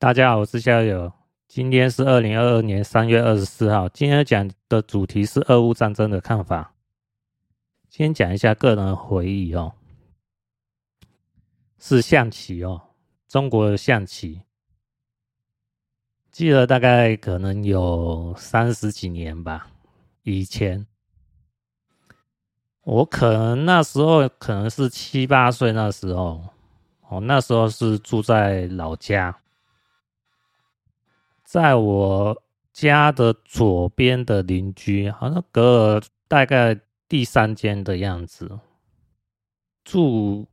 大家好，我是逍遙。今天是二零二二年三月二十四號。今天講的主題是俄烏戰爭的看法。先講一下個人回憶哦，是象棋哦，中國的象棋。記得大概可能有三十幾年吧，以前。我可能那時候可能是七八歲那時候，哦，那時候是住在老家。在我家的左邊的鄰居，好像隔了大概第三間的樣子。住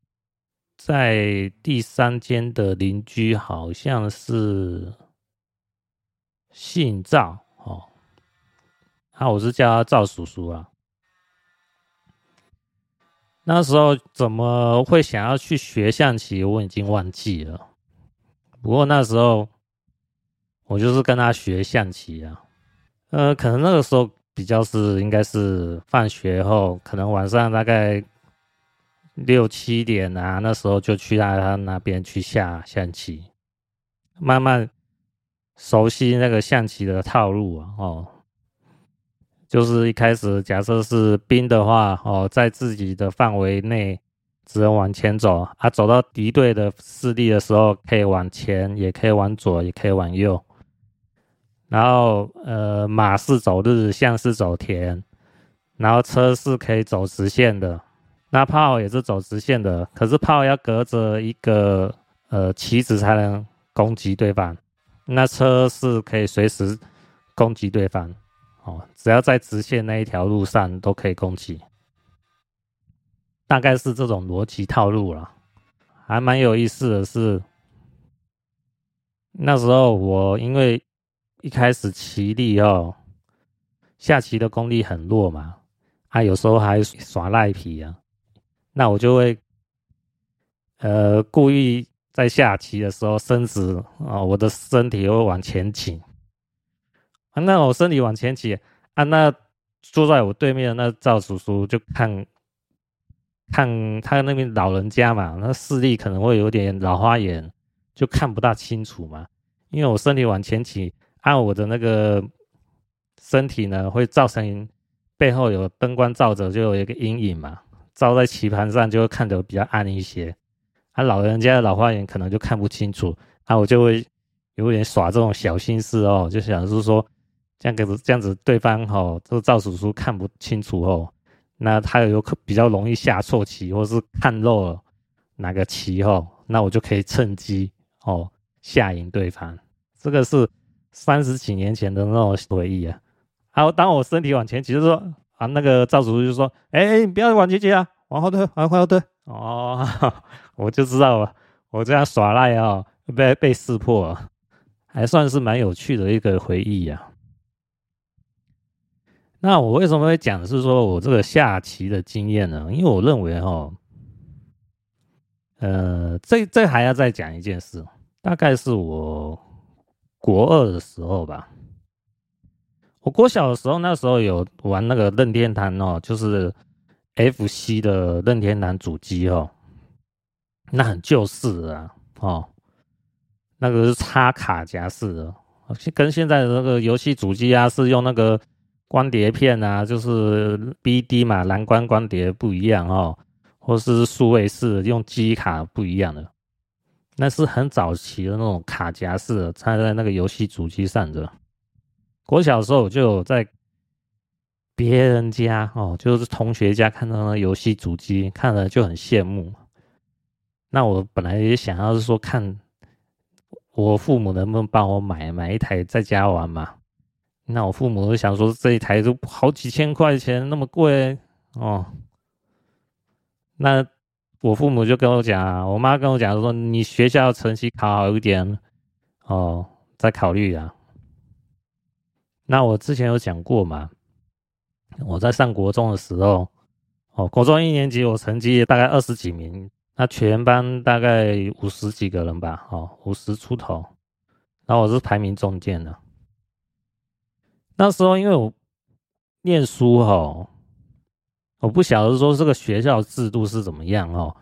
在第三間的鄰居好像是姓趙哦，啊，我是叫他趙叔叔啊。那時候怎麼會想要去學象棋，我已經忘記了。不過那時候。我就是跟他學象棋啊，呃，可能那個時候比較是應該是放學後，可能晚上大概六七點啊，那時候就去他他那邊去下象棋，慢慢熟悉那個象棋的套路啊。哦，就是一開始假設是兵的話，哦，在自己的範圍內只能往前走啊，走到敵對的勢力的時候，可以往前，也可以往左，也可以往右。然後，呃，馬是走日，象是走田，然後車是可以走直線的，那炮也是走直線的。可是炮要隔着一個呃棋子才能攻擊對方，那車是可以隨時攻擊對方，哦，只要在直線那一條路上都可以攻擊。大概是這種邏輯套路了，還蠻有意思的是，那時候我因為。一開始棋力，哦，下棋的功力很弱嘛，他、啊、有時候還耍賴皮呀、啊。那我就會，呃，故意在下棋的時候身子啊，我的身體會往前傾。啊，那我身體往前傾，啊，那坐在我對面的那趙叔叔就看，看他那邊老人家嘛，那視力可能會有點老花眼，就看不大清楚嘛，因為我身體往前傾。按、啊、我的那個身體呢，會造成背後有燈光照着，就有一個陰影嘛，照在棋盤上就會看得比較暗一些。啊，老人家的老花眼可能就看不清楚。啊，我就會有點耍這種小心思哦，就想的是說，這樣子這樣子對方哦，這個趙叔叔看不清楚哦，那他有可比較容易下錯棋，或是看漏了哪個棋哦，那我就可以趁機哦下贏對方。這個是。三十幾年前的那種回憶啊，然後當我身體往前，其實說啊，那個趙叔叔就說：“哎、欸、哎、欸，你不要往前擠啊，往後退，往後退。哦”哦，我就知道了，我這樣耍賴啊、哦，被被識破，還算是蠻有趣的一個回憶啊。那我為什麼會講的是說我這個下棋的經驗呢？因為我認為哈、哦，呃，這這還要再講一件事，大概是我。國二的時候吧，我國小的時候，那時候有玩那個任天堂哦，就是 FC 的任天堂主機哦，那很舊式啊，哦，那個是插卡夾式的，哦，跟現在的那個遊戲主機啊，是用那個光碟片啊，就是 BD 嘛，藍光光碟不一樣哦，或是數位式用機卡不一樣的。那是很早期的那種卡夾式的插在那個遊戲主機上的。我小時候就有在別人家哦，就是同學家看到那遊戲主機，看了就很羨慕。那我本來也想要是說看我父母能不能幫我買買一台在家玩嘛。那我父母就想說這一台都好幾千塊錢，那麼貴哦。那。我父母就跟我講，我媽跟我講說：“你學校成績考好一點，哦，再考慮啊。”那我之前有講過嘛，我在上國中的時候，哦，國中一年級我成績大概二十幾名，那全班大概五十幾個人吧，哦，五十出頭，然後我是排名中間的。那時候因為我念書哈、哦。我不曉得說這個學校制度是怎麼樣哦，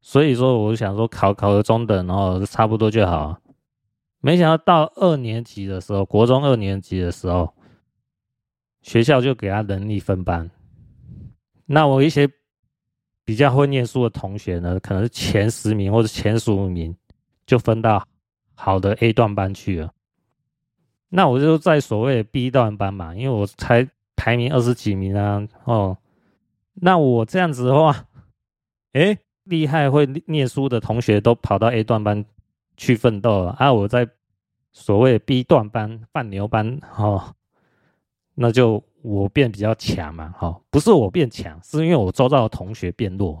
所以說我想說考考個中等哦，差不多就好。沒想到到二年級的時候，國中二年級的時候，學校就給他能力分班。那我一些比較會念書的同學呢，可能是前十名或者前十五名，就分到好的 A 段班去了。那我就在所謂的 B 段班嘛，因為我才排名二十幾名啊，哦。那我這樣子的話，誒、欸，厲害會念書的同學都跑到 A 段班去奮鬥了啊！我在所謂 B 段班、放牛班哦。那就我變比較強嘛哈、哦？不是我變強，是因為我周遭的同學變弱。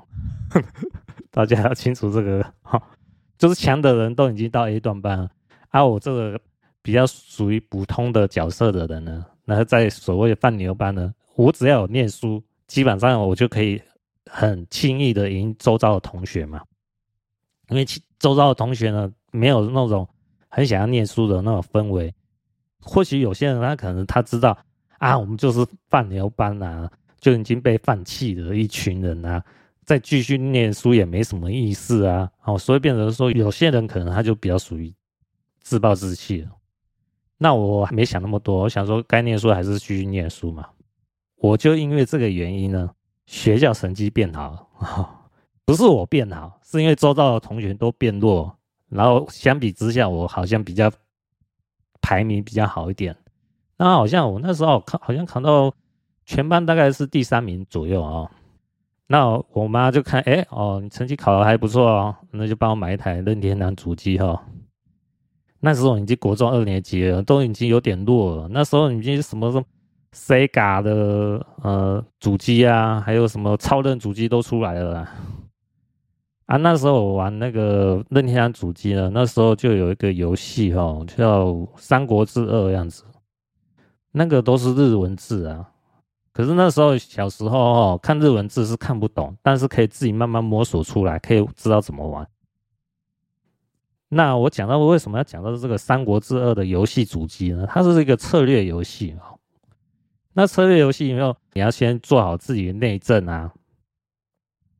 呵呵大家要清楚這個哈、哦，就是強的人都已經到 A 段班了啊！我這個比較屬於普通的角色的人呢，那在所謂放牛班呢，我只要有念書。基本上我就可以很輕易的贏週遭的同學嘛，因為週遭的同學呢，沒有那種很想要念書的那種氛圍。或許有些人他可能他知道啊，我們就是放牛班啊，就已經被放棄的一群人啊，再繼續念書也沒什麼意思啊，哦，所以變成說，有些人可能他就比較屬於自暴自棄了，那我還沒想那麼多，我想說該念書還是繼續念書嘛。我就因為這個原因呢，學校成績變好了 不是我變好，是因為周遭的同學都變弱，然後相比之下，我好像比較排名比較好一點。那好像我那時候考，好像考到全班大概是第三名左右啊，哦。那我媽就看，哎哦，你成績考得還不錯哦，那就幫我買一台任天堂主機哦。那時候已經國中二年級了，都已經有點弱了。那時候已經什麼？SEGA 的呃主機啊，還有什麼超任主機都出來了啊！啊，那時候我玩那個任天堂主機呢，那時候就有一個遊戲哈，叫《三國志二》樣子，那個都是日文字啊。可是那時候小時候哦，看日文字是看不懂，但是可以自己慢慢摸索出來，可以知道怎麼玩。那我講到為什麼要講到這個《三國志二》的遊戲主機呢？它是一個策略遊戲那策略遊戲有沒有？你要先做好自己的內政啊，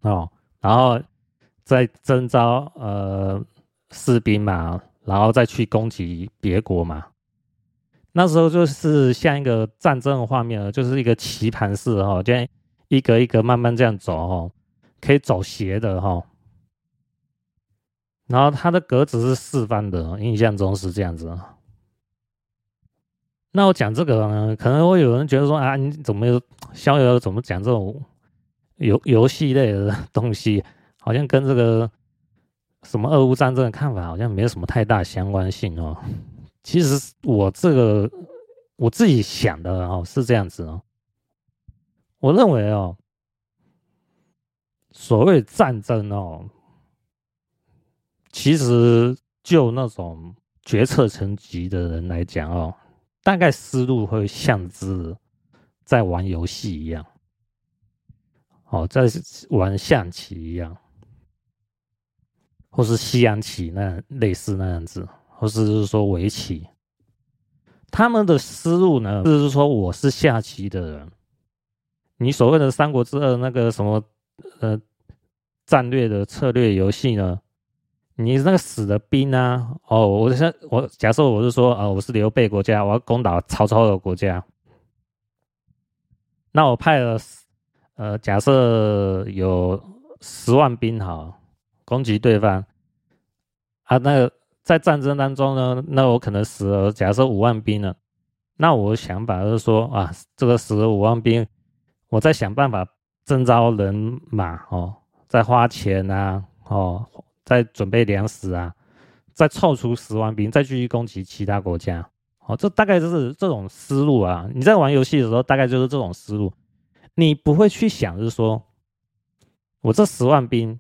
哦，然後再徵召呃士兵嘛，然後再去攻擊別國嘛。那時候就是像一個戰爭的畫面了，就是一個棋盤式這樣、哦、一格一格慢慢這樣走哦，可以走斜的哦。然後它的格子是四方的，印象中是這樣子。那我講這個呢，可能會有人覺得說啊，你怎麼逍遙？怎麼講這種遊遊戲類的東西，好像跟這個什麼俄烏戰爭的看法好像沒有什麼太大相關性哦。其實我這個我自己想的哦，是這樣子哦。我認為哦，所謂戰爭哦，其實就那種決策層級的人來講哦。大概思路會像是在玩遊戲一樣，哦，在玩象棋一樣，或是西洋棋那類似那樣子，或是是說圍棋。他們的思路呢，是就是說我是下棋的人，你所謂的三國志2那個什麼呃戰略的策略遊戲呢？你那個死的兵呢、啊？哦，我是我假設我是說啊、呃，我是劉備國家，我要攻打曹操的國家。那我派了呃，假設有十萬兵，哈攻擊對方。啊，那個、在戰爭當中呢，那我可能死了，假設五萬兵了。那我想想法就是說啊，這個死了五萬兵，我再想辦法徵召人馬哦，再花錢啊哦。在準備糧食啊，再湊出十萬兵，再繼續攻擊其他國家，哦，這大概就是這種思路啊。你在玩遊戲的時候，大概就是這種思路，你不會去想，就是說，我這十萬兵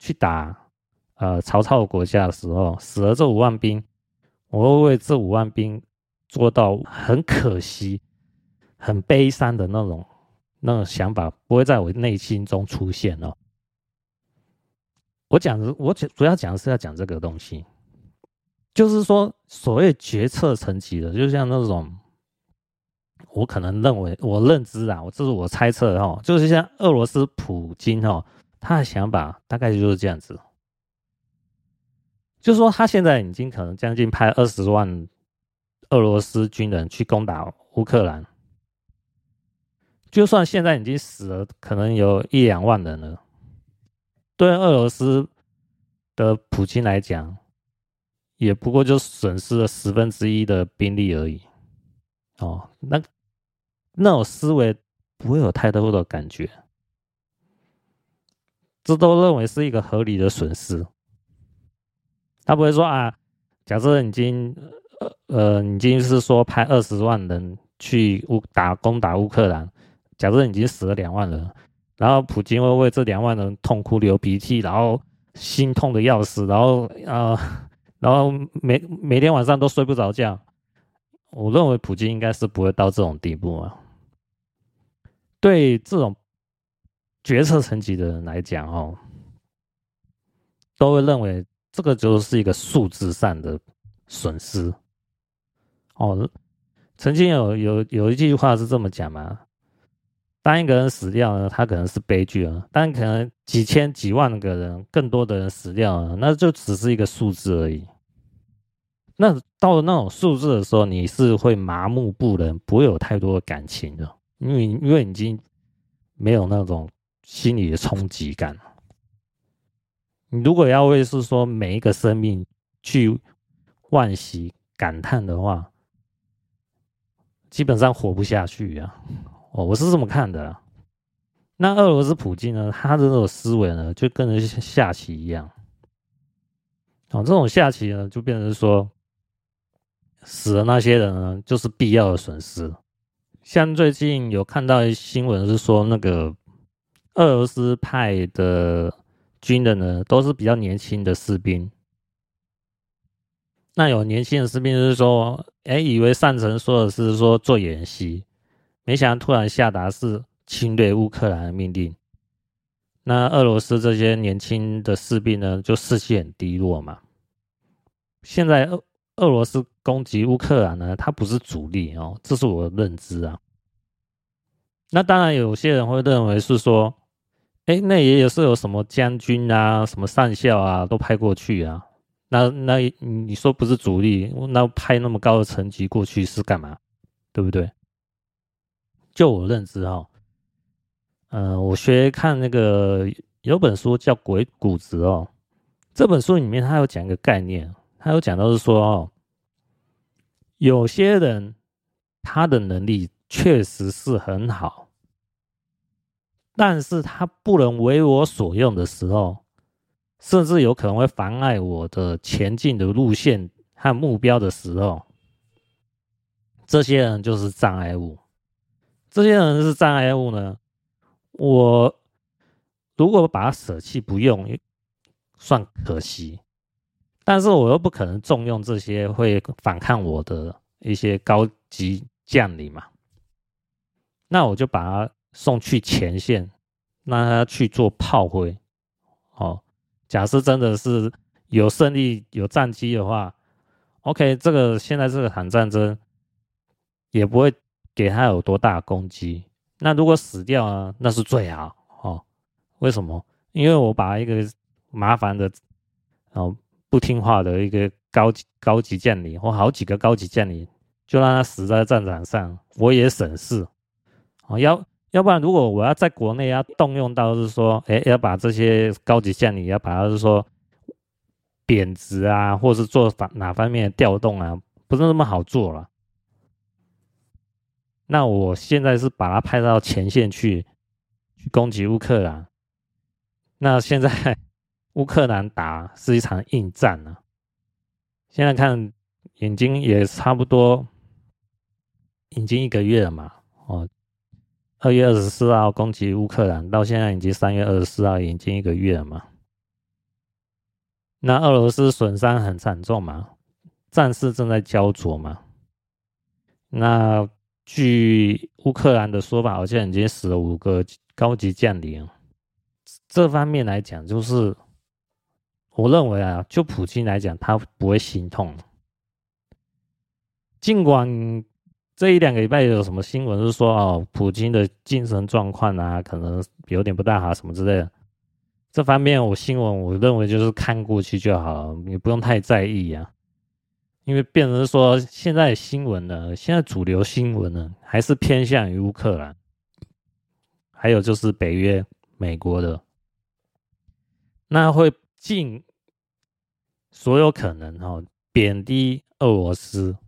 去打呃曹操的國家的時候，死了這五萬兵，我會為這五萬兵做到很可惜、很悲傷的那種那種想法，不會在我內心中出現哦。我講的，我主要講的是要講這個東西，就是說，所謂決策層級的，就像那種，我可能認為我認知啊，我這是我猜測的哈，就是像俄羅斯普京哈，他的想法大概就是這樣子，就是說，他現在已經可能將近派二十萬俄羅斯軍人去攻打烏克蘭，就算現在已經死了，可能有一兩萬人了。對俄羅斯的普京來講，也不過就損失了十分之一的兵力而已。哦，那那種思維不會有太多的感覺，這都認為是一個合理的損失。他不會說啊，假設已經呃呃，已經是說派二十萬人去烏打攻打烏克蘭，假設已經死了兩萬人。然後普京會為這兩萬人痛哭流鼻涕，然後心痛的要死，然後呃，然後每每天晚上都睡不着覺。我認為普京應該是不會到這種地步啊。對這種決策層級的人來講，哦，都會認為這個就是一個數字上的損失。哦，曾經有有有一句話是這麼講嘛。當一個人死掉了，他可能是悲劇啊；但可能幾千、幾萬個人，更多的人死掉了，那就只是一個數字而已。那到了那種數字的時候，你是會麻木不仁，不會有太多的感情的，因為因為已經沒有那種心理的衝擊感。你如果要為是說每一個生命去惋惜、感嘆的話，基本上活不下去呀。哦，我是這麼看的啊。那俄羅斯普京呢，他的那種思維呢，就跟人下棋一樣。哦，這種下棋呢，就變成說，死的那些人呢，就是必要的損失。像最近有看到一新聞是說，那個俄羅斯派的軍人呢，都是比較年輕的士兵。那有年輕的士兵就是說，哎、欸，以為上層說的是說做演習。沒想到突然下達是侵略烏克蘭的命令，那俄羅斯這些年輕的士兵呢，就士氣很低落嘛。現在俄俄羅斯攻擊烏克蘭呢，它不是主力哦，這是我的認知啊。那當然，有些人會認為是說，哎、欸，那也有是有什麼將軍啊、什麼上校啊都派過去啊。那那你說不是主力，那派那麼高的層級過去是幹嘛？對不對？就我認知哦。呃，我學看那個有本書叫《鬼谷子》哦。這本書裡面他有講一個概念，他有講到是說哦，有些人他的能力確實是很好，但是他不能為我所用的時候，甚至有可能會妨礙我的前進的路線和目標的時候，這些人就是障礙物。這些人是障礙物呢，我如果把他捨棄不用，算可惜，但是我又不可能重用這些會反抗我的一些高級將領嘛，那我就把他送去前線，讓他去做炮灰。好，假設真的是有勝利、有戰機的話，OK，這個現在這場戰爭也不會。給他有多大攻擊？那如果死掉呢，那是最好哦。為什麼？因為我把一個麻煩的、哦，不聽話的一個高級高級將領或好幾個高級將領，就讓他死在戰場上，我也省事哦。要要不然，如果我要在國內要動用到，是說，誒，要把這些高級將領，要把他是說貶值啊，或是做哪哪方面的調動啊，不是那麼好做了。那我現在是把他派到前線去，去攻擊烏克蘭。那現在烏克蘭打是一場硬戰呢、啊。現在看，已經也差不多，已經一個月了嘛。哦，二月二十四號攻擊烏克蘭，到現在已經三月二十四號，已經一個月了嘛。那俄羅斯損傷很慘重嘛，戰事正在焦灼嘛。那。據烏克蘭的說法，好像已經死了五個高級將領。這方面來講，就是我認為啊，就普京來講，他不會心痛。儘管這一兩個禮拜有什麼新聞是說哦，普京的精神狀況啊，可能有點不大好、啊、什麼之類的。這方面我新聞，我認為就是看過去就好了，你不用太在意呀、啊。因為變成說，現在新聞呢，現在主流新聞呢，還是偏向於烏克蘭，還有就是北約、美國的，那會盡所有可能哈、哦，貶低俄羅斯。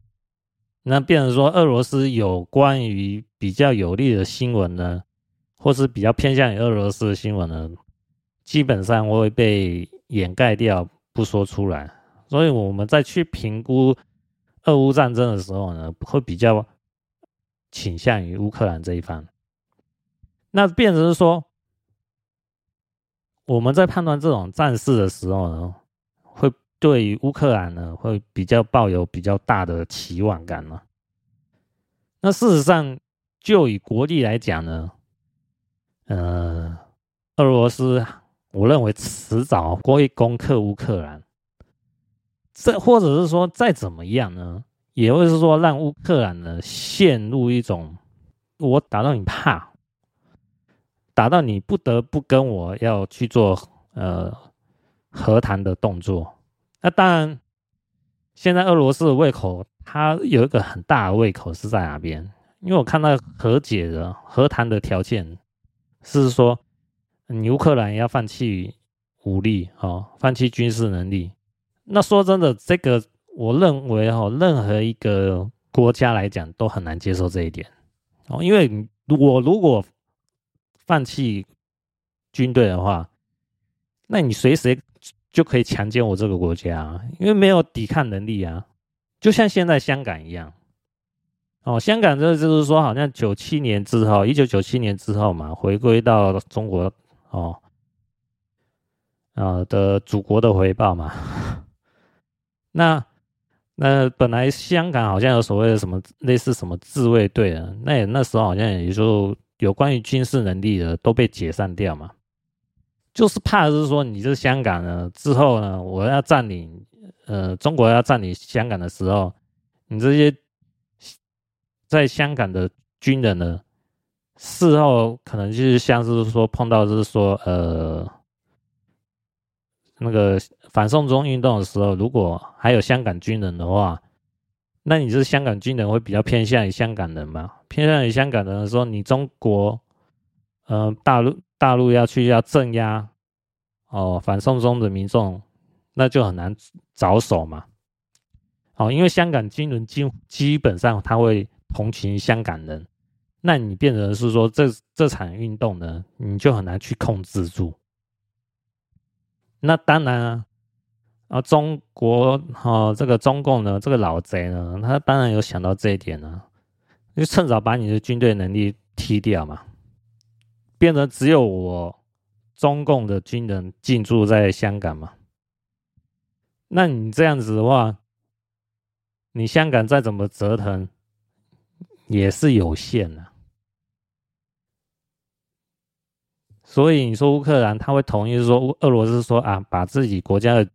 那變成說，俄羅斯有關於比較有利的新聞呢，或是比較偏向於俄羅斯的新聞呢，基本上會被掩蓋掉，不說出來。所以我們在去評估俄烏戰爭的時候呢，會比較傾向於烏克蘭這一方。那變成是說，我們在判斷這種戰事的時候呢，會對於烏克蘭呢會比較抱有比較大的期望感嘛？那事實上，就以國力來講呢，呃，俄羅斯我認為遲早會攻克烏克蘭。這或者是說，再怎麼樣呢，也會是說讓烏克蘭呢陷入一種我打到你怕，打到你不得不跟我要去做呃和談的動作。那當然，現在俄羅斯的胃口，它有一個很大的胃口是在哪邊？因為我看到和解的和談的條件是說，嗯，烏克蘭要放棄武力哦，放棄軍事能力。那說真的，這個我認為哈、哦，任何一個國家來講都很難接受這一點哦，因為我如果放棄軍隊的話，那你隨時就可以強姦我這個國家，啊，因為沒有抵抗能力啊，就像現在香港一樣哦，香港這就是說，好像九七年之後，一九九七年之後嘛，回歸到中國哦，啊、呃、的祖國的回報嘛。呵呵那那本來香港好像有所謂的什麼類似什麼自衛隊啊，那也那時候好像也就是有關於軍事能力的都被解散掉嘛，就是怕是說你這香港呢之後呢，我要占領，呃，中國要占領香港的時候，你這些在香港的軍人呢，事後可能就是像是說碰到就是說呃那個。反送中運動的時候，如果還有香港軍人的話，那你是香港軍人會比較偏向於香港人嗎？偏向於香港人的時候，你中國，嗯、呃，大陸大陸要去要鎮壓哦，反送中的民眾，那就很難着手嘛。哦，因為香港軍人基基本上他會同情香港人，那你變成是說這這場運動呢，你就很難去控制住。那當然啊。啊，中國哈，啊，這個中共呢，這個老賊呢，他當然有想到這一點呢，就趁早把你的軍隊能力踢掉嘛，變成只有我中共的軍人進駐在香港嘛，那你這樣子的話，你香港再怎麼折騰也是有限的，啊，所以你說烏克蘭他會同意說俄羅斯說啊，把自己國家的。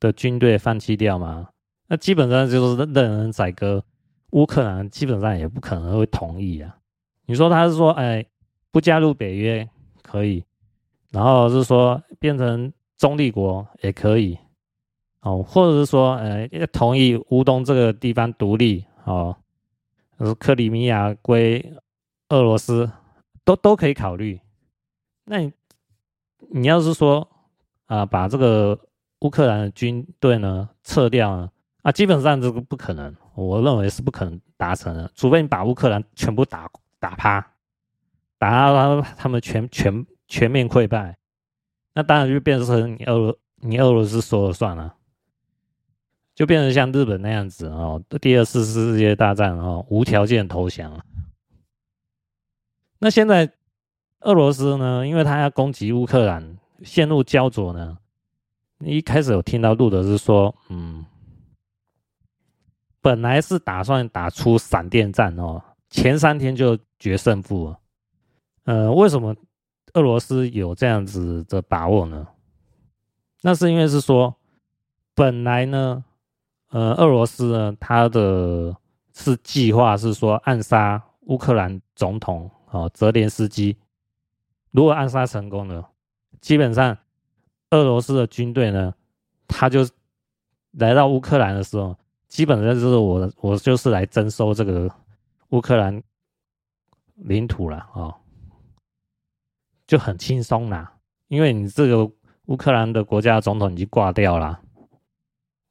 的軍隊放棄掉嗎？那基本上就是任人宰割。烏克蘭基本上也不可能會同意啊。你說他是說，哎，不加入北約可以，然後是說變成中立國也可以，哦，或者是說，呃、哎，同意烏東這個地方獨立，哦，就是克里米亞歸俄羅斯，都都可以考慮。那你，你要是說，啊、呃，把這個。烏克蘭的軍隊呢撤掉啊，啊，基本上這個不可能，我認為是不可能達成的，除非你把烏克蘭全部打打趴，打到他們全全全面潰敗，那當然就變成你俄你俄羅斯說了算了，就變成像日本那樣子啊、哦，第二次世界大戰啊、哦，無條件投降了。那現在俄羅斯呢，因為他要攻擊烏克蘭，陷入膠著呢。一開始有聽到路德是說，嗯，本來是打算打出閃電戰哦，前三天就決勝負。呃，為什麼俄羅斯有這樣子的把握呢？那是因為是說，本來呢，呃，俄羅斯呢，他的是計劃是說暗殺烏克蘭總統啊、呃、澤連斯基，如果暗殺成功了，基本上。俄羅斯的軍隊呢，他就來到烏克蘭的時候，基本上就是我我就是來徵收這個烏克蘭領土了啊、哦，就很輕鬆啦，因為你這個烏克蘭的國家總統已經掛掉啦，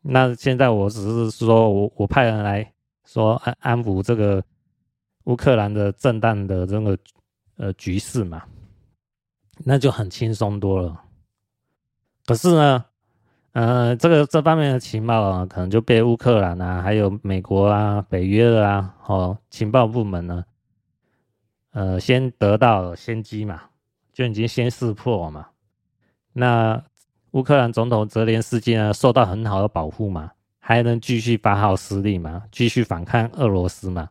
那現在我只是說我我派人來說安安撫這個烏克蘭的震盪的這個呃局勢嘛，那就很輕鬆多了。可是呢，呃，這個這方面的情報啊，可能就被烏克蘭啊，還有美國啊、北約的啊，哦，情報部門呢，呃，先得到先機嘛，就已經先識破了嘛。那烏克蘭總統澤連斯基呢，受到很好的保護嘛，還能繼續發號施令嘛，繼續反抗俄羅斯嘛。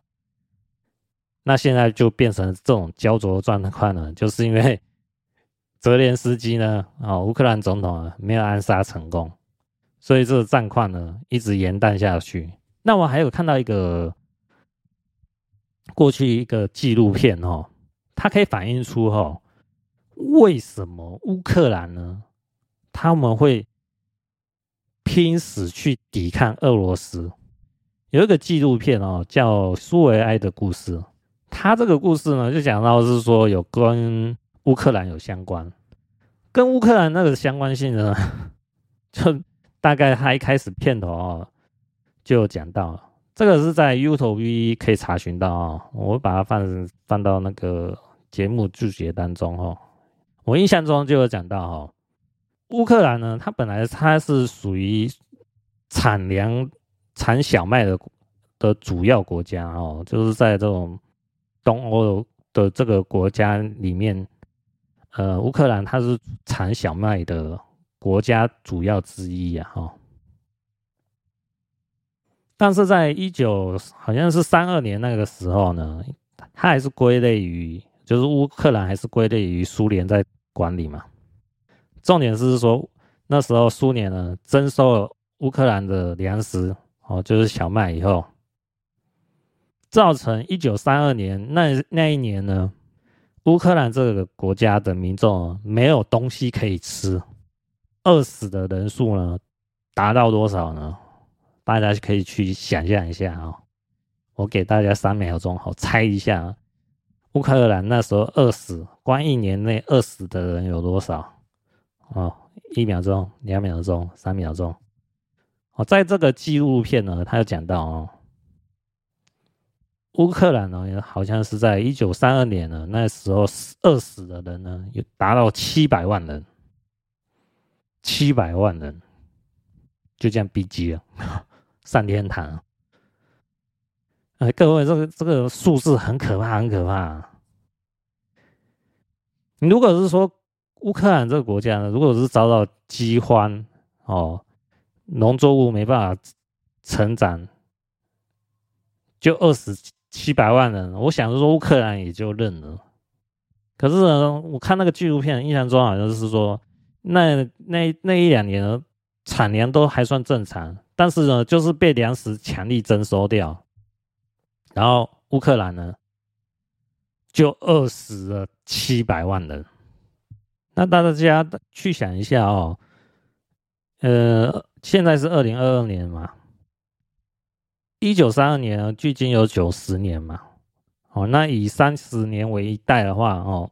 那現在就變成這種焦灼狀態了，就是因為。澤連斯基呢？啊、哦，烏克蘭總統啊，沒有暗殺成功，所以這個戰況呢，一直延宕下去。那我還有看到一個過去一個紀錄片哦，它可以反映出吼、哦，為什麼烏克蘭呢，他們會拼死去抵抗俄羅斯？有一個紀錄片哦，叫《蘇維埃的故事》。他這個故事呢，就講到是說有關。烏克蘭有相關，跟烏克蘭那個相關性呢， 就大概他一開始片頭哦，就有講到，這個是在 YouTube 可以查詢到哦，我把它放放到那個節目註解當中哦，我印象中就有講到哦，烏克蘭呢，它本來它是屬於產糧、產小麥的的主要國家哦，就是在這種東歐的這個國家裡面。呃，烏克蘭它是產小麥的國家主要之一呀，啊，哦。但是在一九好像是三二年那個時候呢，它還是歸類於，就是烏克蘭還是歸類於蘇聯在管理嘛。重點是說，那時候蘇聯呢徵收了烏克蘭的糧食，哦，就是小麥以後，造成一九三二年那那一年呢。烏克蘭這個國家的民眾沒有東西可以吃，餓死的人數呢達到多少呢？大家可以去想象一下啊、哦！我給大家三秒鐘，好猜一下烏克蘭那時候餓死，光一年內餓死的人有多少？哦，一秒鐘、兩秒鐘、三秒鐘。哦，在這個紀錄片呢，他有講到哦。烏克蘭呢、哦，好像是在一九三二年呢，那時候餓死的人呢，有達到七百萬人，七百萬人就這樣逼急了， 上天堂。哎，各位，這個這個數字很可怕，很可怕。你如果是說烏克蘭這個國家呢，如果是遭到饑荒，哦，農作物沒辦法成長，就餓死。七百萬人，我想說烏克蘭也就認了。可是呢，我看那個紀錄片，印象中好像是說，那那那一兩年產量都還算正常，但是呢，就是被糧食強力徵收掉，然後烏克蘭呢就餓死了七百萬人。那大家去想一下哦，呃，現在是二零二二年嘛。一九三二年，距今有九十年嘛。哦，那以三十年為一代的話，哦，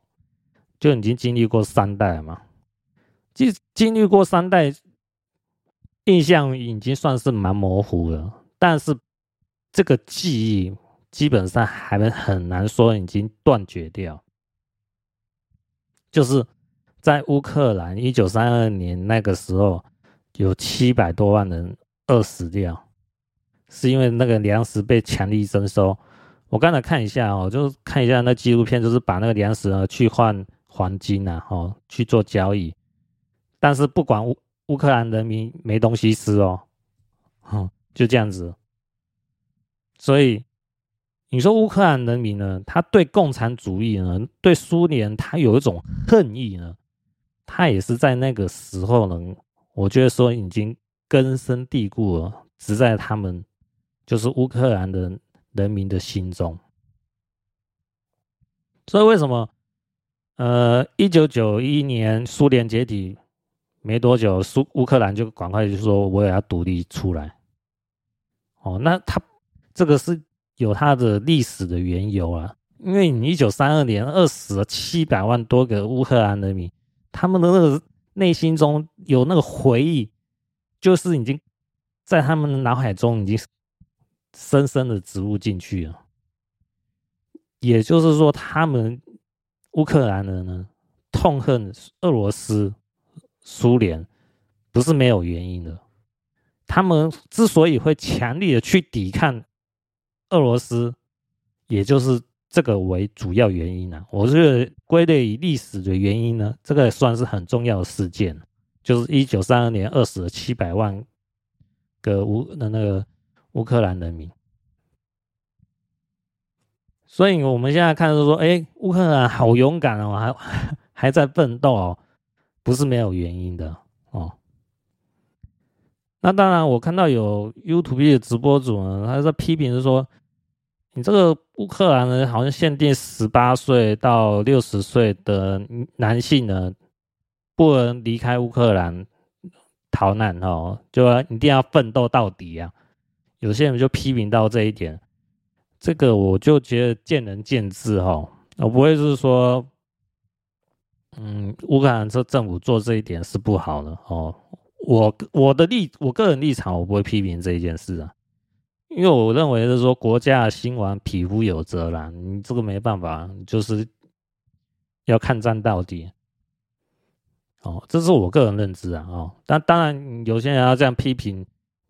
就已經經歷過三代了嘛。經經歷過三代，印象已經算是蠻模糊的，但是這個記憶基本上還很難說已經斷絕掉。就是在烏克蘭一九三二年那個時候，有七百多萬人餓死掉。是因為那個糧食被強力徵收。我剛才看一下哦，就是看一下那紀錄片，就是把那個糧食啊去換黃金吶、啊，哦，去做交易，但是不管烏烏克蘭人民沒東西吃哦，哼、嗯，就這樣子，所以你說烏克蘭人民呢，他對共產主義呢，對蘇聯他有一種恨意呢，他也是在那個時候呢，我覺得說已經根深蒂固了，只在他們。就是烏克蘭的人民的心中，所以為什麼？呃，一九九一年蘇聯解體，沒多久，蘇烏克蘭就趕快就說我也要獨立出來。哦，那他這個是有他的歷史的緣由啊，因為你一九三二年餓死了七百萬多個烏克蘭人民，他們的那個內心中有那個回憶，就是已經，在他們的腦海中已經。深深的植入進去啊。也就是說，他們烏克蘭人呢痛恨俄羅斯、蘇聯，不是沒有原因的。他們之所以會強烈的去抵抗俄羅斯，也就是這個為主要原因啊。我是歸類於歷史的原因呢，這個也算是很重要的事件，就是一九三二年餓死了七百萬個烏的那個。烏克蘭人民，所以我們現在看是說，哎、欸，烏克蘭好勇敢哦，還還在奮鬥哦，不是沒有原因的哦。那當然，我看到有 YouTube 的直播主呢，他在批評是說，你這個烏克蘭人好像限定十八歲到六十歲的男性呢，不能離開烏克蘭逃難哦，就一定要奮鬥到底啊。有些人就批評到這一點，這個我就覺得見仁見智哈。我不會是說，嗯，烏克蘭這政府做這一點是不好的哦。我我的立我個人立場，我不會批評這一件事啊。因為我認為是說，國家興亡，匹夫有責啦。你這個沒辦法，就是要抗戰到底。哦，這是我個人認知啊哦，但當然，有些人要這樣批評。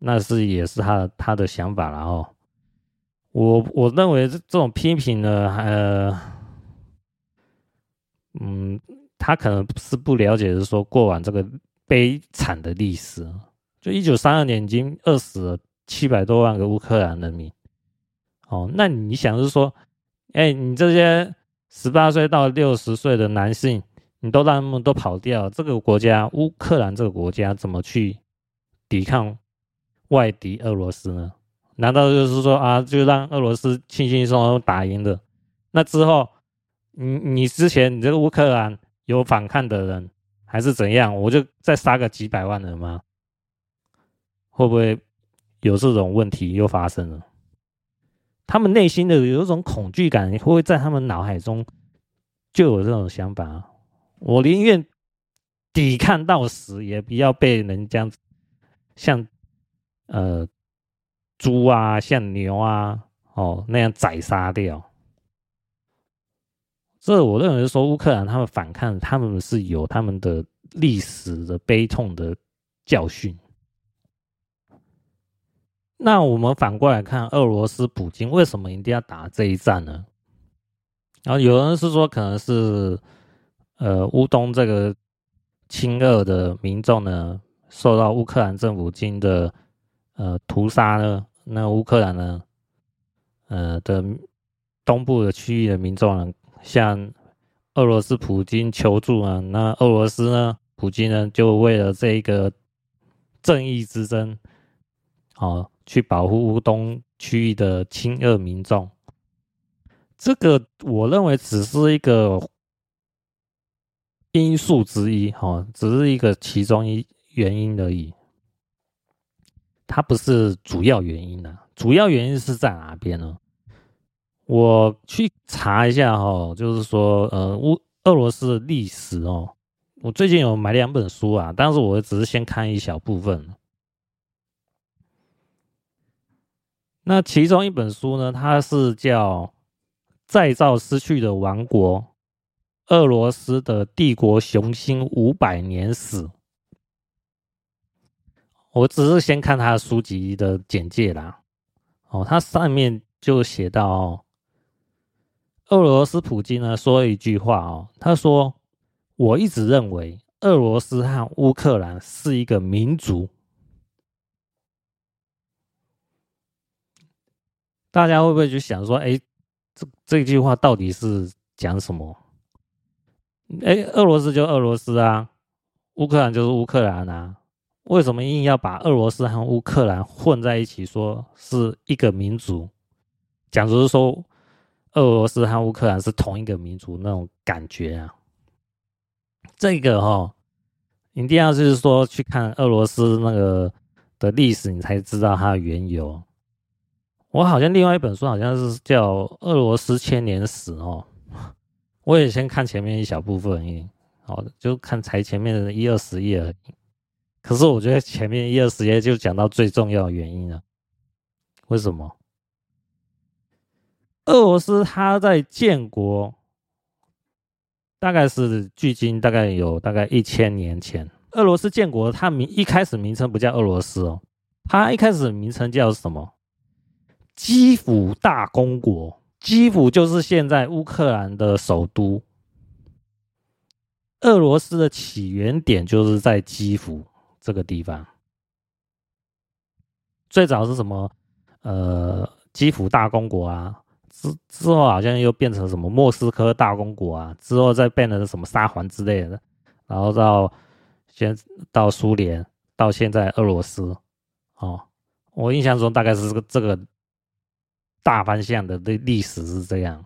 那是也是他，他的想法然後，哦、我我認為這這種批評呢，呃，嗯，他可能是不了解就是說，過往這個悲慘的歷史，就一九三二年已經餓死了七百多萬個烏克蘭人民，哦，那你想是說，哎，你這些十八歲到六十歲的男性，你都讓他們都跑掉，這個國家烏克蘭這個國家怎麼去抵抗？外敵俄羅斯呢？難道就是說啊，就讓俄羅斯輕輕鬆鬆打贏的？那之後，你你之前你這個烏克蘭有反抗的人還是怎樣？我就再殺個幾百萬人嗎？會不會有這種問題又發生了？他們內心的有一種恐懼感，會不會在他們腦海中就有這種想法啊？我寧願抵抗到死，也不要被人這樣子像，呃，豬啊，像牛啊，哦，那樣宰殺掉。這我認為說烏克蘭他們反抗，他們是有他們的歷史的悲痛的教訓。那我們反過來看，俄羅斯普京為什麼一定要打這一戰呢？然後，啊，有人是說，可能是呃，烏東這個親俄的民眾呢，受到烏克蘭政府軍的呃，屠殺呢，那個烏克蘭呢，呃的東部的區域的民眾呢，向俄羅斯普京求助啊。那俄羅斯呢，普京呢，就為了這一個正義之爭，哦，去保護烏東區域的親俄民眾。這個我認為只是一個因素之一，哈、哦，只是一個其中一原因而已。它不是主要原因的，啊，主要原因是在哪邊呢？我去查一下哦，就是說，呃，烏俄羅斯的歷史哦，我最近有買兩本書啊，但是我只是先看一小部分。那其中一本書呢，它是叫《再造失去的王國：俄羅斯的帝國雄心五百年史》。我只是先看他書籍的簡介啦，哦，他上面就寫到哦，俄羅斯普京呢說了一句話哦，他說：“我一直認為俄羅斯和烏克蘭是一個民族。”大家會不會就想說，哎，這這句話到底是講什麼？哎，俄羅斯就俄羅斯啊，烏克蘭就是烏克蘭啊。為什麼硬要把俄羅斯和烏克蘭混在一起，說是一個民族？假如說俄羅斯和烏克蘭是同一個民族，那種感覺啊，這個哈、哦，一定要就是說去看俄羅斯那個的歷史，你才知道它的緣由。我好像另外一本書，好像是叫《俄羅斯千年史》哦。我也先看前面一小部分，一哦，就看才前面的一二十頁而已。可是我覺得前面一二十頁就講到最重要的原因了，為什麼？俄羅斯它在建國，大概是距今大概有大概一千年前。俄羅斯建國，它名一開始名稱不叫俄羅斯哦，它一開始名稱叫什麼？基輔大公國。基輔就是現在烏克蘭的首都。俄羅斯的起源點就是在基輔。這個地方，最早是什麼？呃，基輔大公國啊，之之後好像又變成什麼莫斯科大公國啊，之後再變成什麼沙皇之類的，然後到先到蘇聯，到現在俄羅斯，哦，我印象中大概是這個這個大方向的歷歷史是這樣。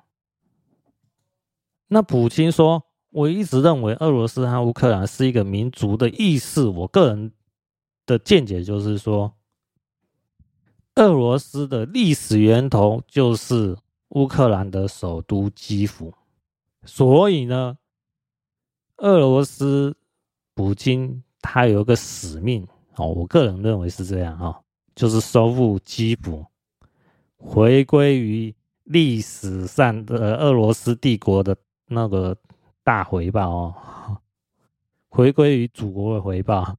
那普京說。我一直認為，俄羅斯和烏克蘭是一個民族的意識。我個人的見解就是說，俄羅斯的歷史源頭就是烏克蘭的首都基輔。所以呢，俄羅斯普京他有一個使命哦，我個人認為是這樣啊，就是收復基輔，回歸於歷史上的俄羅斯帝國的那個。大回報哦，回歸於祖國的回報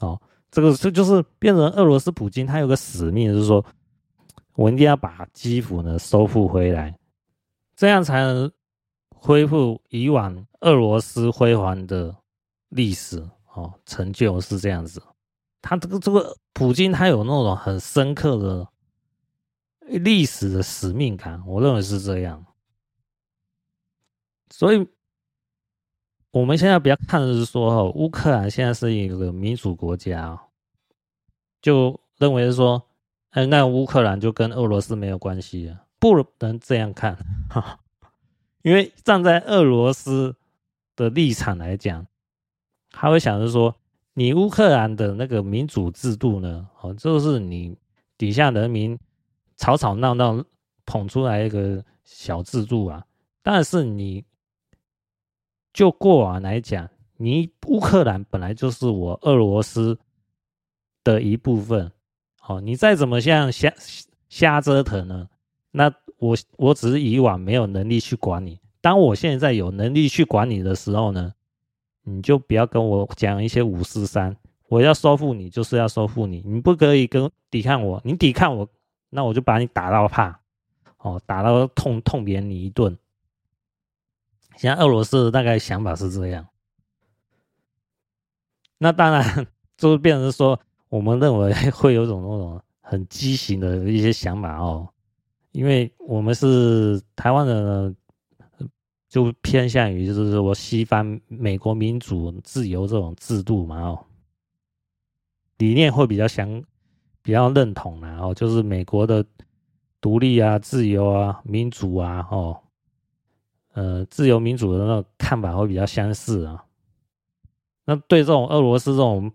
哦，這個這就，就是變成俄羅斯普京，他有個使命，就是說我一定要把基輔呢收復回來，這樣才能恢復以往俄羅斯輝煌的歷史哦，成就是這樣子。他這個這個普京，他有那種很深刻的歷史的使命感，我認為是這樣。所以，我們現在比較看的是說，哦，烏克蘭現在是一個民主國家，就認為是說，哎、呃，那烏克蘭就跟俄羅斯沒有關係啊，不能這樣看， 因為站在俄羅斯的立場來講，他會想着說，你烏克蘭的那個民主制度呢，哦，就是你底下人民吵吵鬧鬧捧出來一個小制度啊，但是你，就過往來講，你烏克蘭本來就是我俄羅斯的一部分，好、哦，你再怎麼像瞎瞎折騰呢？那我我只是以往沒有能力去管你，當我現在有能力去管你的時候呢，你就不要跟我講一些五四三，我要收復你就是要收復你，你不可以跟抵抗我，你抵抗我，那我就把你打到怕，哦，打到痛痛扁你一頓。像俄羅斯大概想法是這樣，那當然就是變成說，我們認為會有種那種很畸形的一些想法哦，因為我們是台灣人呢，就偏向於就是說西方美國民主自由這種制度嘛哦，理念會比較相比較認同，然後啊哦，就是美國的獨立啊、自由啊、民主啊哦。呃，自由民主的那種看法會比較相似啊。那對這種俄羅斯這種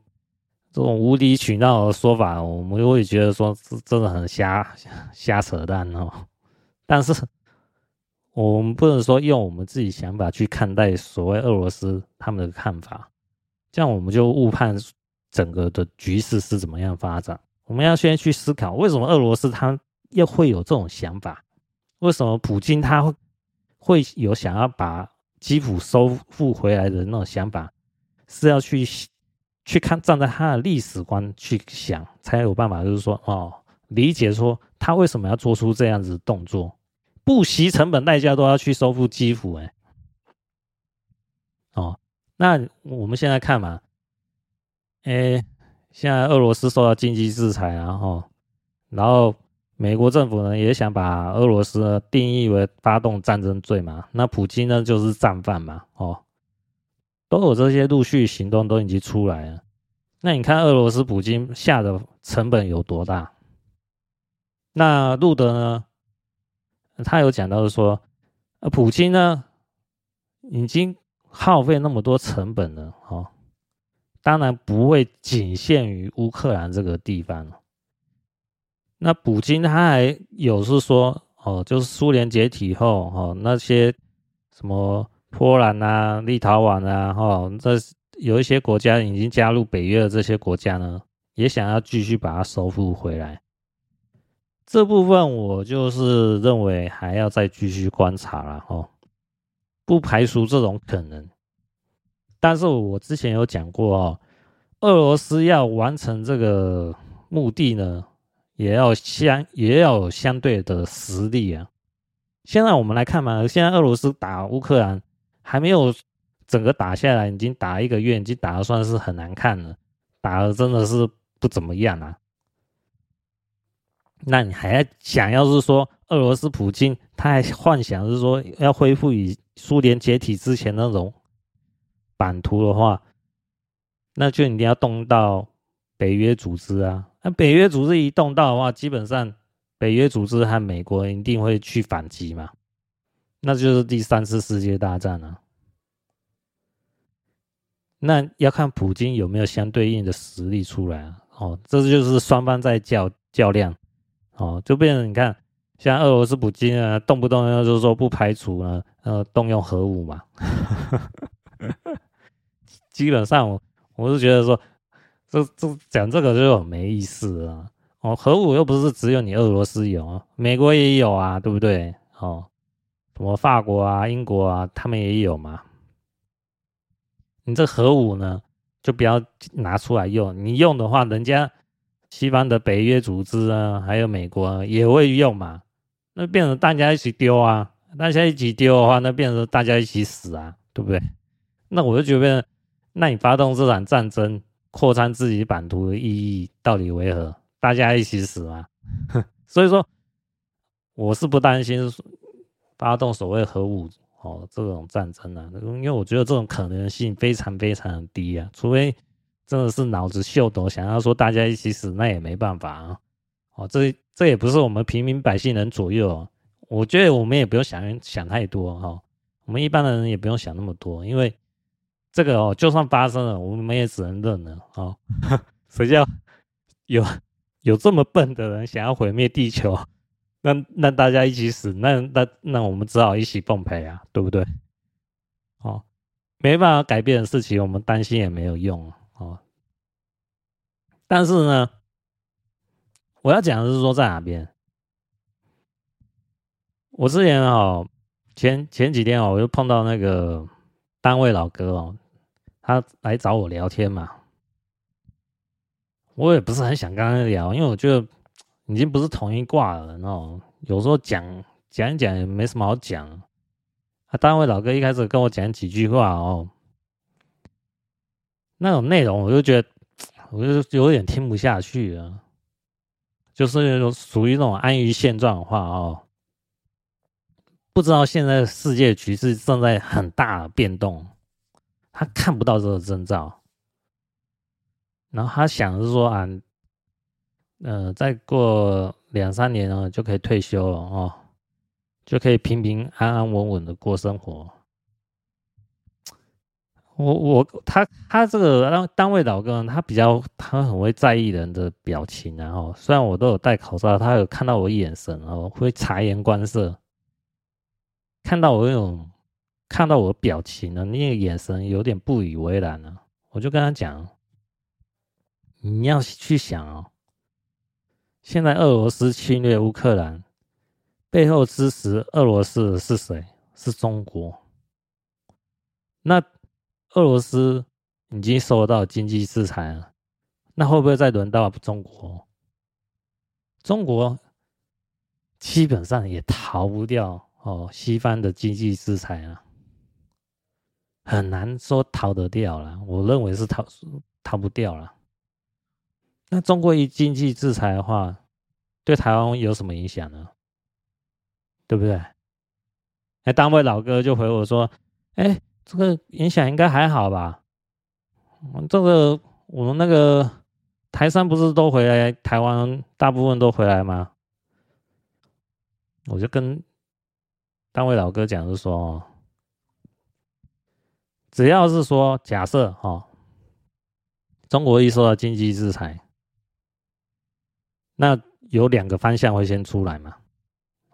這種無理取鬧的說法，我們又會覺得說，真的很瞎瞎扯淡哦。但是我們不能說用我們自己想法去看待所謂俄羅斯他們的看法，這樣我們就誤判整個的局勢是怎麼樣發展。我們要先去思考，為什麼俄羅斯他又會有這種想法？為什麼普京他會？會有想要把基輔收復回來的那種想法，是要去去看站在他的歷史觀去想，才有辦法，就是說哦，理解說他為什麼要做出這樣子動作，不惜成本代價都要去收復基輔，哎，哦，那我們現在看嘛，哎，現在俄羅斯受到經濟制裁然、啊、吼、哦，然後。美國政府呢也想把俄羅斯呢定義為發動戰爭罪嘛。那普京呢就是戰犯嘛。哦，都有這些陸續行動都已經出來了。那你看俄羅斯普京下的成本有多大？那路德呢，他有講到說，呃，普京呢已經耗費那麼多成本了哦，當然不會僅限於烏克蘭這個地方那普京他還有是說哦,就是蘇聯解體後哦,那些什麼波蘭啊、立陶宛啊哈、哦,這有一些國家已經加入北約的這些國家呢,也想要繼續把它收復回來。這部分我就是認為還要再繼續觀察了哈、哦,不排除這種可能。但是我之前有講過啊、哦,俄羅斯要完成這個目的呢。也要相也要有相對的實力啊！現在我們來看嘛，現在俄羅斯打烏克蘭還沒有整個打下來，已經打了一個月，已經打得算是很難看了，打得真的是不怎麼樣啊！那你還要想，要是說俄羅斯普京他還幻想是說要恢復與蘇聯解體之前那種版圖的話，那就一定要動到北約組織啊！那北約組織一動到的話，基本上北約組織和美國一定會去反擊嘛，那就是第三次世界大戰了啊。那要看普京有沒有相對應的實力出來啊！哦，這就是雙方在較較量，哦，就變成你看，像俄羅斯普京啊，動不動就是說不排除呢，呃，動用核武嘛。 基本上我我是覺得說。這這講這個就很沒意思啊！哦，核武又不是只有你俄羅斯有，美國也有啊，對不對？哦，什麼法國啊、英國啊，他們也有嘛。你這核武呢，就不要拿出來用。你用的話，人家西方的北約組織啊，還有美國也會用嘛。那變成大家一起丟啊，大家一起丟的話，那變成大家一起死啊，對不對？那我就覺得，那你發動這場戰爭。擴張自己版圖的意義到底為何？大家一起死嗎？哼，所以說，我是不擔心發動所謂核武哦這種戰爭啊，因為我覺得這種可能性非常非常低啊，除非真的是腦子秀逗，想要說大家一起死，那也沒辦法啊。哦，這這也不是我們平民百姓能左右啊。我覺得我們也不用想想太多哈啊，我們一般的人也不用想那麼多，因為。這個哦，就算發生了，我們也只能認了啊！哦，誰叫有有這麼笨的人想要毀滅地球，那那大家一起死，那那那我們只好一起奉陪啊，對不對？哦，沒辦法改變的事情，我們擔心也沒有用哦。但是呢，我要講的是說在哪邊？我之前啊、哦，前前幾天啊、哦，我就碰到那個單位老哥哦。他來找我聊天嘛，我也不是很想跟他聊，因為我覺得已經不是同一掛了。然後有時候講講一講也沒什麼好講。他單位老哥一開始跟我講幾句話哦，那種內容我就覺得，我就有點聽不下去了，就是屬於那種安於現狀的話哦。不知道現在世界局勢正在很大的變動。他看不到這個徵兆，然後他想着說啊，呃，再過兩三年呢就可以退休了哦，就可以平平安安穩穩的過生活。我我他他這個單單位老哥，他比較他很會在意人的表情，然後雖然我都有戴口罩，他有看到我一眼神，然後會察言觀色，看到我那種。看到我表情呢，那個眼神有點不以為然呢、啊。我就跟他講：“你要去想哦，現在俄羅斯侵略烏克蘭，背後支持俄羅斯的是誰？是中國。那俄羅斯已經受到經濟制裁了，那會不會再輪到中國？中國基本上也逃不掉哦，西方的經濟制裁啊。”很難說逃得掉了，我認為是逃逃不掉了。那中國一經濟制裁的話，對台灣有什麼影響呢？對不對？哎，單位老哥就回我說：“哎，這個影響應該還好吧？這個我們那個台商不是都回來，台灣大部分都回來嗎？”我就跟單位老哥講，就說。只要是說假，假設哈，中國一受到經濟制裁，那有兩個方向會先出來嘛？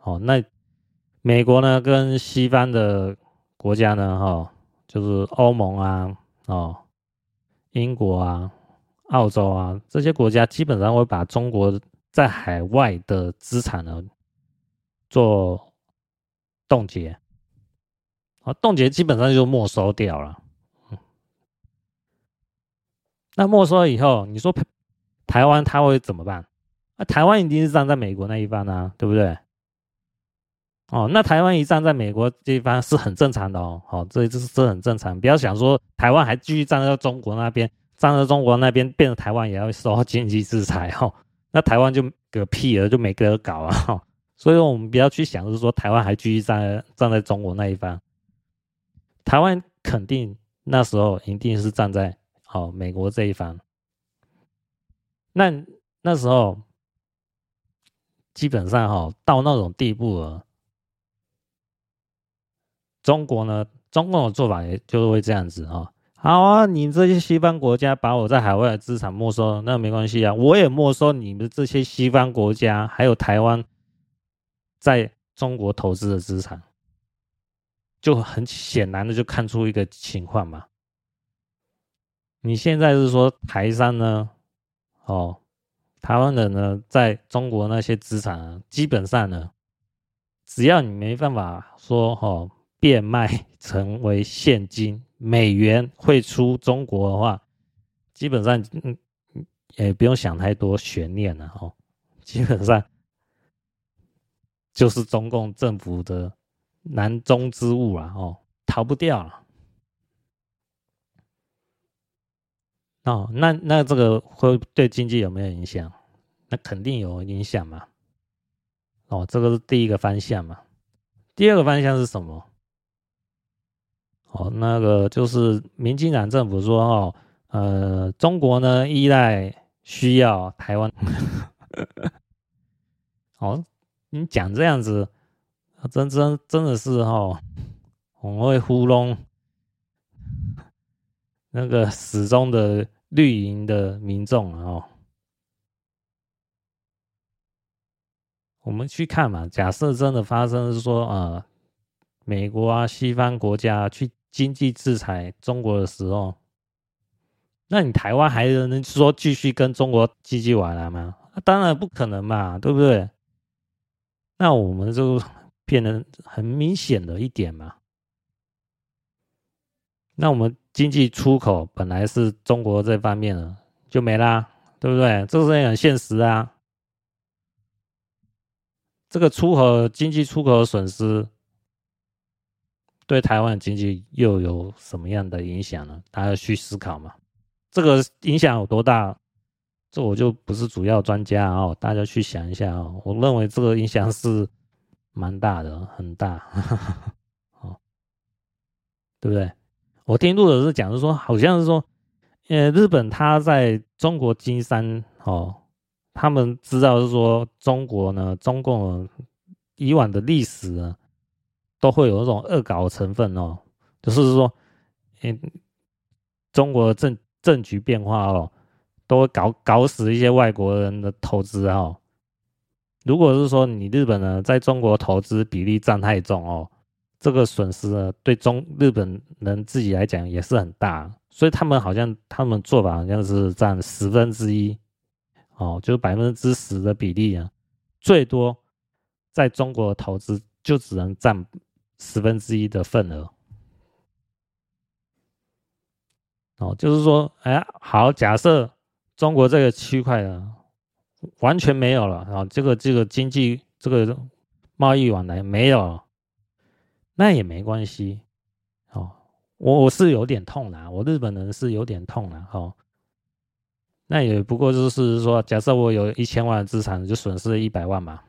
哦，那美國呢，跟西方的國家呢，哈、哦，就是歐盟啊、哦、英國啊、澳洲啊這些國家，基本上會把中國在海外的資產呢做凍結。哦，凍結基本上就沒收掉了。嗯、那沒收了以後，你說台灣他會怎麼辦？那、啊、台灣一定是站在美國那一方啊，對不對？哦，那台灣一站在美國這一方是很正常的哦。好、哦，這這這很正常，不要想說台灣還繼續站在中國那邊，站在中國那邊，變成台灣也要受經濟制裁哦。那台灣就嗝屁了，就沒得搞啊、哦。所以，我們不要去想，就是說台灣還繼續站在站在中國那一方。台灣肯定那時候一定是站在好美國這一方，那那時候基本上哈到那種地步了，中國呢，中共的做法也就是會這樣子啊。好啊，你這些西方國家把我在海外的資產沒收，那沒關係啊，我也沒收你們這些西方國家還有台灣在中國投資的資產。就很顯然的就看出一個情況嘛，你現在是說台商呢，哦，台灣人呢，在中國那些資產，基本上呢，只要你沒辦法說哦變賣成為現金美元匯出中國的話，基本上嗯嗯也不用想太多懸念了哦，基本上就是中共政府的。難中之物啊，哦，逃不掉了。哦，那那這個會對經濟有沒有影響？那肯定有影響嘛。哦，這個是第一個方向嘛。第二個方向是什麼？哦，那個就是民進黨政府說哦，呃，中國呢依賴需要台灣。 哦，你講這樣子。啊、真真真的是哦，我們會糊弄那個死忠的綠營的民眾哦。我們去看嘛，假設真的發生說啊、呃，美國啊、西方國家、啊、去經濟制裁中國的時候，那你台灣還能說繼續跟中國唧唧歪歪、啊、嗎、啊？當然不可能嘛，對不對？那我們就。變得很明顯的一點嘛，那我們經濟出口本來是中國這方面的，就沒啦啊，對不對？這是很現實啊。這個出口經濟出口損失對台灣經濟又有什麼樣的影響呢？大家要去思考嘛。這個影響有多大？這我就不是主要專家哦，大家去想一下哦。我認為這個影響是。蠻大的，很大，哈哈哈。哦，對不對？我聽路老師講是說，好像是說，呃，日本他在中國金山哦，他們知道是說中國呢，中共以往的歷史呢，都會有那種惡搞成分哦，就是說，嗯，中國的政政局變化哦，都會搞搞死一些外國人的投資哦。如果是說你日本呢，在中國投資比例占太重哦，這個損失呢對中日本人自己來講也是很大，所以他們好像他們做法好像是占十分之一哦，哦，就是百分之十的比例啊，最多在中國投資就只能占十分之一的份額。哦，就是說，哎，好，假設中國這個區塊呢，完全沒有了啊！這個這個經濟這個貿易往來沒有了，那也沒關係哦。我我是有點痛的，啊，我日本人是有點痛的，啊、哦。那也不過就是說，假設我有一千萬的資產，就損失了一百萬嘛。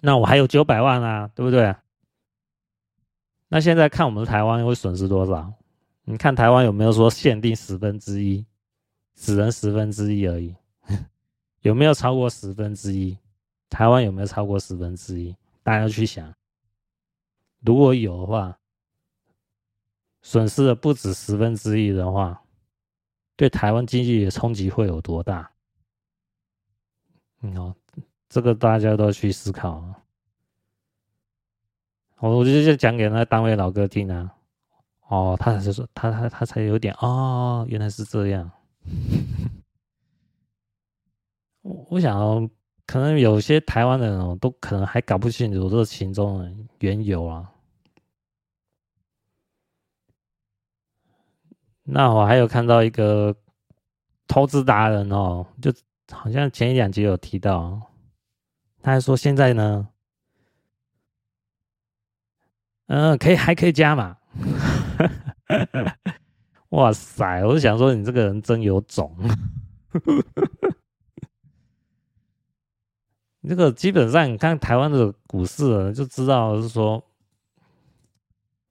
那我還有九百萬啊，對不對？那現在看我們的台灣會損失多少？你看台灣有沒有說限定十分之一，只能十分之一而已。有沒有超過十分之一？台灣有沒有超過十分之一？大家去想，如果有的話，損失的不止十分之一的話，對台灣經濟的衝擊會有多大？嗯，這個大家都要去思考。我我就講給那單位老哥聽啊。哦，他才說，他他他才有點哦，原來是這樣。 我想，哦，可能有些台灣的人，哦，都可能還搞不清楚我這個其中的緣由啊。那我還有看到一個投資達人哦，就好像前一兩集有提到，他還說，現在呢，嗯，呃，可以還可以加嘛？ 哇塞！我就想說你這個人真有種。 這個基本上，你看台灣的股市就知道，是說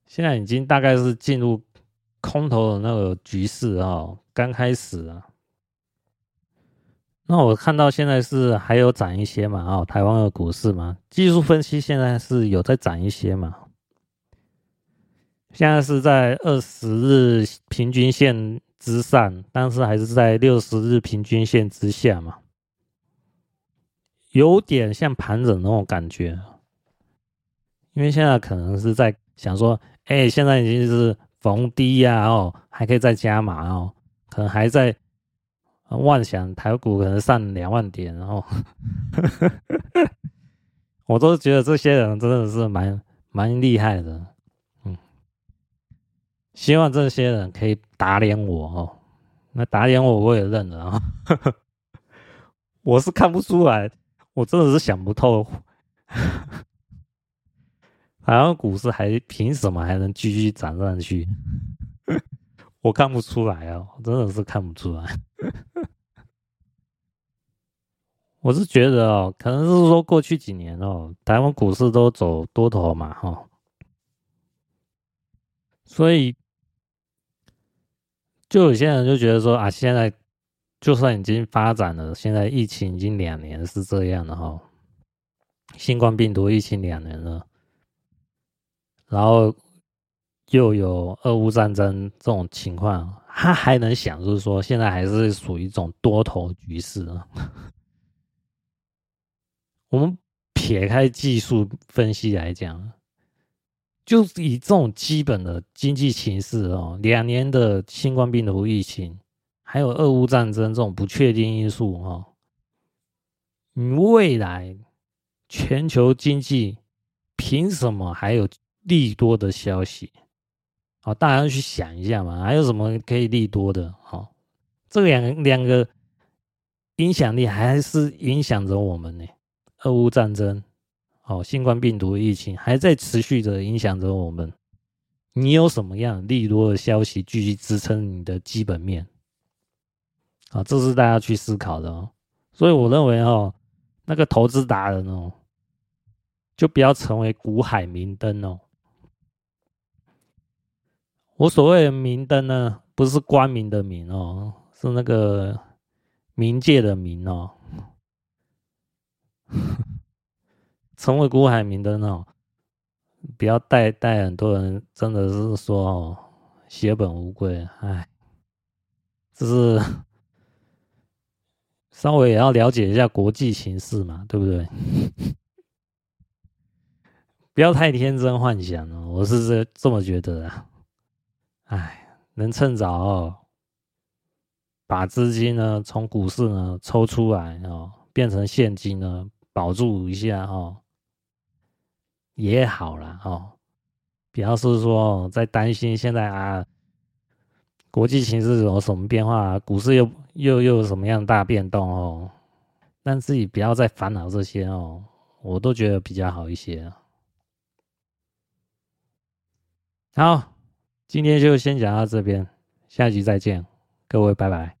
現在已經大概是進入空頭的那個局勢啊、哦。剛開始啊，那我看到現在是還有漲一些嘛啊、哦，台灣的股市嘛，技術分析現在是有在漲一些嘛。現在是在二十日平均線之上，但是還是在六十日平均線之下嘛。有點像盤整那種感覺，因為現在可能是在想說，哎，現在已經是逢低呀、啊，哦，還可以再加碼哦，可能還在妄想台股可能上兩萬點，然後，我都覺得這些人真的是蠻蠻厲害的，嗯，希望這些人可以打臉我哦，那打臉我我也認了啊、哦， 我是看不出來。我真的是想不透，台灣 股市還憑什麼還能繼續漲上去？ 我看不出來哦，真的是看不出來。 我是覺得哦，可能是說過去幾年哦，台灣股市都走多頭嘛，哦，哈，所以就有些人就覺得說啊，現在。就算已經發展了，現在疫情已經兩年是這樣的哈，新冠病毒疫情兩年了，然後又有俄烏戰爭這種情況，他還能想就是說，現在還是屬於一種多頭局勢啊。我們撇開技術分析來講，就以這種基本的經濟形勢哦，兩年的新冠病毒疫情。還有俄烏戰爭這種不確定因素，哈、哦，你未來全球經濟憑什麼還有利多的消息？好、哦，大家去想一下嘛，還有什麼可以利多的？哈、哦，這兩兩個影響力還是影響着我們呢。俄烏戰爭，哦，新冠病毒疫情還在持續着影響着我們。你有什麼樣利多的消息繼續支撐你的基本面？啊，這是大家去思考的哦。所以我認為哦，那個投資達人哦，就不要成為股海明燈哦。我所謂的明燈呢，不是光明的明哦，是那個冥界的冥哦。 成為股海明燈哦，不要帶帶很多人，真的是說哦，血本無歸，哎，這是。稍微也要了解一下國際形勢嘛，對不對？ 不要太天真幻想了，哦，我是這這麼覺得的。哎，能趁早、哦、把資金呢從股市呢抽出來哦，變成現金呢保住一下哦，也好了哦。不要是說在擔心現在啊。國際形勢有什麼變化啊？股市又又又有什麼樣大變動哦？讓自己不要再煩惱這些哦，我都覺得比較好一些啊。好，今天就先講到這邊，下集再見，各位拜拜。